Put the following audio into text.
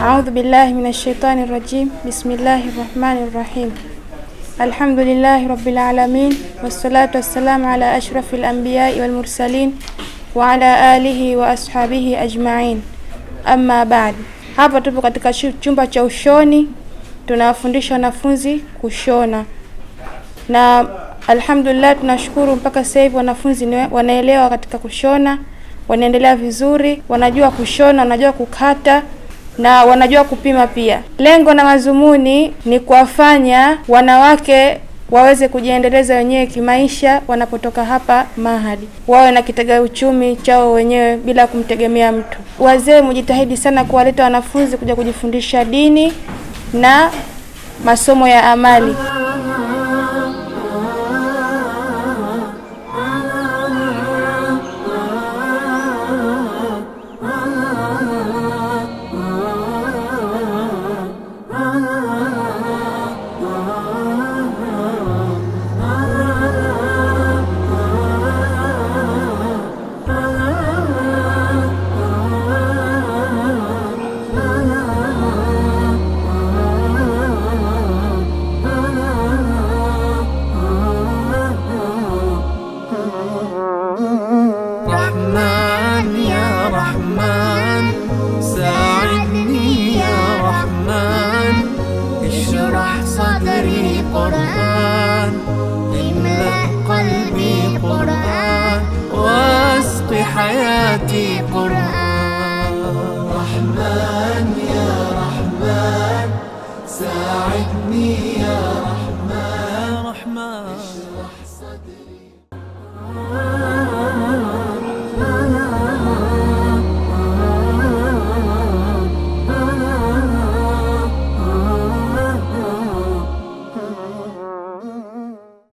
أعوذ بالله من الشيطان rajim. بسم الله rahim. الرحيم الحمد لله رب العالمين ala والسلام على أشرف الأنبياء والمرسلين وعلى آله وأصحابه أجمعين ajma'in. بعد Hapa tupo katika chumba cha ushoni, tunawafundisha wanafunzi kushona na alhamdulillah, tunashukuru mpaka sasa hivi wanafunzi wanaelewa katika kushona, wanaendelea vizuri, wanajua kushona, wanajua kukata na wanajua kupima pia. Lengo na madhumuni ni kuwafanya wanawake waweze kujiendeleza wenyewe kimaisha, wanapotoka hapa Mahadi wawe na kitega uchumi chao wenyewe bila kumtegemea mtu. Wazee mjitahidi sana kuwaleta wanafunzi kuja kujifundisha dini na masomo ya amali. رحمن ساعدني يا رحمن اشرح صدري قرآن املأ قلبي قرآن واسق حياتي قرآن رحمن يا رحمن ساعدني